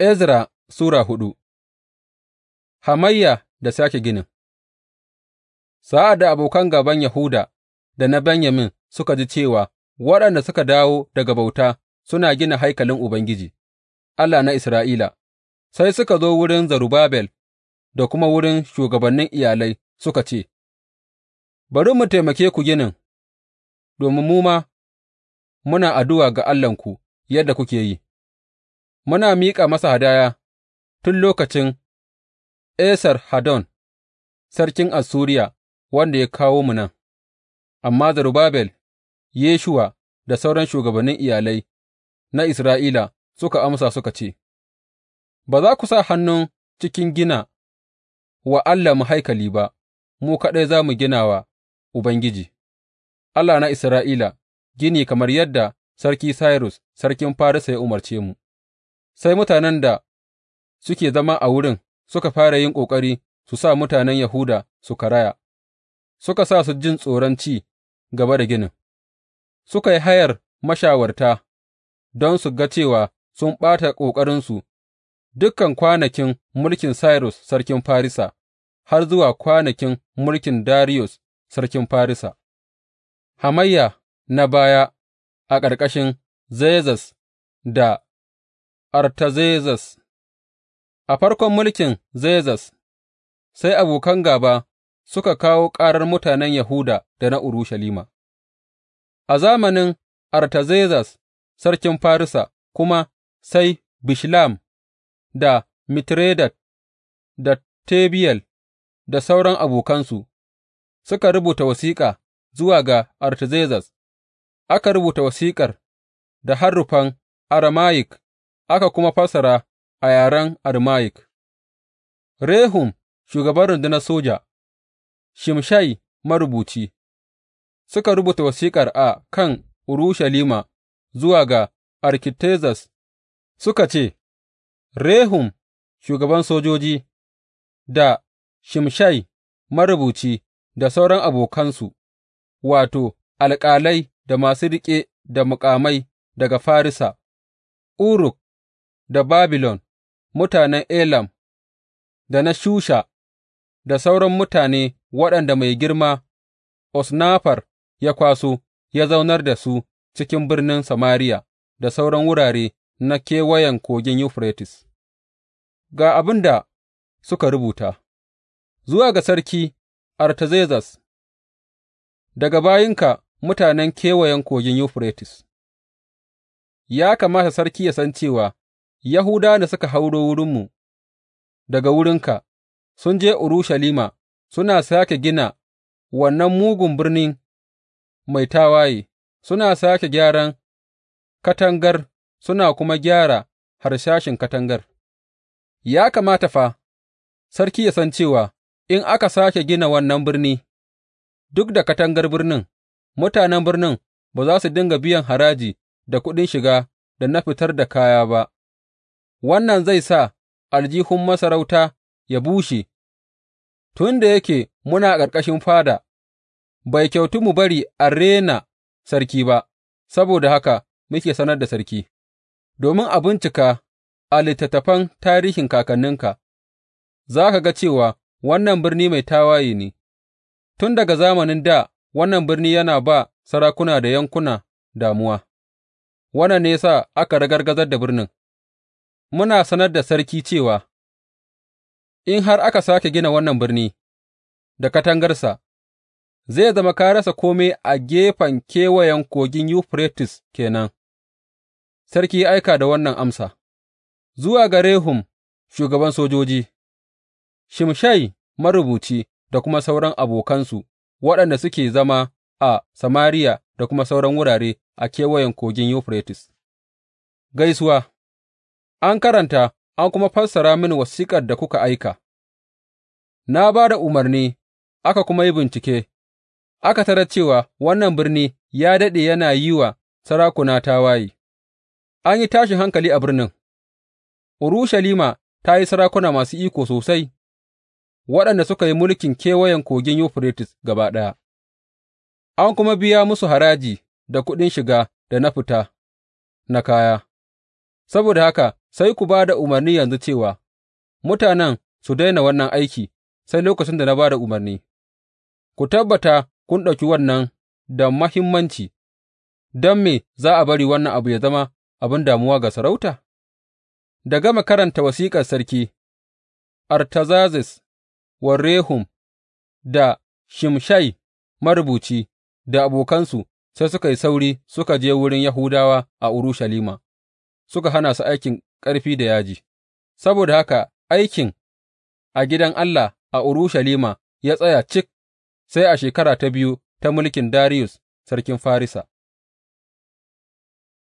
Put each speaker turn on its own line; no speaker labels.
Ezra Sura hudu Hamayya da sake ginin Sa'ad da abokan gaban Yahuda da na Benyamin suka ji cewa waɗanda suka dawo daga bauta suna gina haikalin Ubangiji, Allah na Isra'ila, sai suka zo wurin zarubabel da kuma wurin shugabannin iyalai suka ce, Bari mu taimake ku ginin, domin mu ma muna addu'a ga Allahnku yadda kuke yi. muna miƙa masa hadaya tun lokacin Esar hadon sarkin Assuriya, wanda ya kawo mu nan, amma Zerubabel, Yeshuwa da sauran shugabannin iyalai na Isra'ila suka amsa suka ce, Ba za ku sa hannun cikin gina wa mu haikali ba, mu kaɗai za mu gina wa Ubangiji, Allah na Isra'ila, gini kamar yadda Sarki Sairus, sarkin Farisa ya umarce mu. Sai mutanen da suke zama a wurin suka fara yin ƙoƙari su sa mutanen Yahuda su karaya, suka sa su jin tsoron ci gaba da ginin, suka yi hayar mashawarta don su ga cewa sun ɓata ƙoƙarinsu dukan kwanakin mulkin Cyrus sarkin Farisa har zuwa kwanakin mulkin Darius sarkin Farisa, hamayya na baya a ƙarƙashin Zezas da Artazezes A farkon mulkin Zezes, sai abokan gāba suka kawo ƙarar mutanen Yahuda da na Urushalima A zamanin Artazezes sarkin Farisa kuma sai Bishlam da Mitredat da Tebiyel da sauran abokansu suka rubuta wasiƙa zuwa ga Artazezes, aka rubuta wasiƙar da harufan Aramayik aka kuma fassara a yaren Arameyik. Rehum shugaban rundunar soja, Shimshai marubuci, suka rubuta wasiƙar a kan Urushalima zuwa ga Arkitezas, suka ce, Rehum shugaban sojoji da Shimshai marubuci da sauran abokansu, wato, alƙalai da masu riƙe da muƙamai daga Farisa, Uruk da Babilon, mutanen Elam da na Shusha, da sauran mutane waɗanda mai girma Osnafar ya kwaso, ya zaunar da su cikin birnin Samariya da sauran wurare na kewayen Kogin yufretis Ga abin da suka rubuta, Zuwa ga Sarki Artazerxes, daga bayinka mutanen Kewayen Kogin yufretis ya kamata sarki ya san cewa Yahudawan da suka hauro wurinmu daga wurinka sun je Urushalima suna sake gina wannan mugun birni mai tawaye, suna sake gyaran katangar suna kuma gyara harsashin katangar, ya kamata fa sarki ya san cewa in aka sake gina wannan birni, duk da katangar birnin, mutanen birnin ba za su dinga biyan haraji da kuɗin shiga da na fitar da kaya ba. wannan zai sa aljihun masarauta ya bushe, tun da yake muna ƙarƙashin fada, bai kyautu mu bari a rena sarki ba, saboda haka muke sanar da sarki, domin a bincika a littattafan tarihin kakanninka, za ka ga cewa wannan birni mai tawaye ne, tun daga zamanin da wannan birni yana ba sarakuna da yankuna damuwa, wannan ne ya sa aka ragargazar da birnin. muna sanar da sarki cewa, In har aka sāke gina wannan birni da katangarsa, zai zama ka rasa kome a gefen kewayen kogin yufretis kenan. sarki ya aika da wannan amsa, zuwa ga Rehum shugaban sojoji, Shimshai marubuci da kuma sauran abokansu waɗanda suke zama a Samariya da kuma sauran wurare a kewayen kogin yufretis Gaisuwa. an karanta an kuma fassara mini wasiƙar da kuka aika, na ba da umarni aka kuma yi bincike, aka tarar cewa wannan birni ya daɗe yana yi wa sarakuna tawaye, an yi tashin hankali a birnin, Urushalima ta yi sarakuna masu iko sosai, waɗanda suka yi mulkin kewayen kogin Yuferites gaba ɗaya, an kuma biya musu haraji da kuɗin shiga da na fita na kaya, saboda haka sai ku ba da umarni yanzu cewa mutanen su daina wannan aiki sai lokacin da na ba da umarni, ku tabbata kun ɗauki wannan da mahimmanci, don me za a bari wannan abu ya zama abin damuwa ga sarauta? Da gama karanta wasiƙar sarki, Artazazes wa da Shimshai marubuci da abokansu sai suka yi sauri suka je wurin Yahudawa a Urushalima, suka hana su aikin ƙarfi da yaji, saboda haka aikin a gidan Allah a Urushalima ya tsaya cik sai a shekara ta biyu ta mulkin Dariyus sarkin Farisa.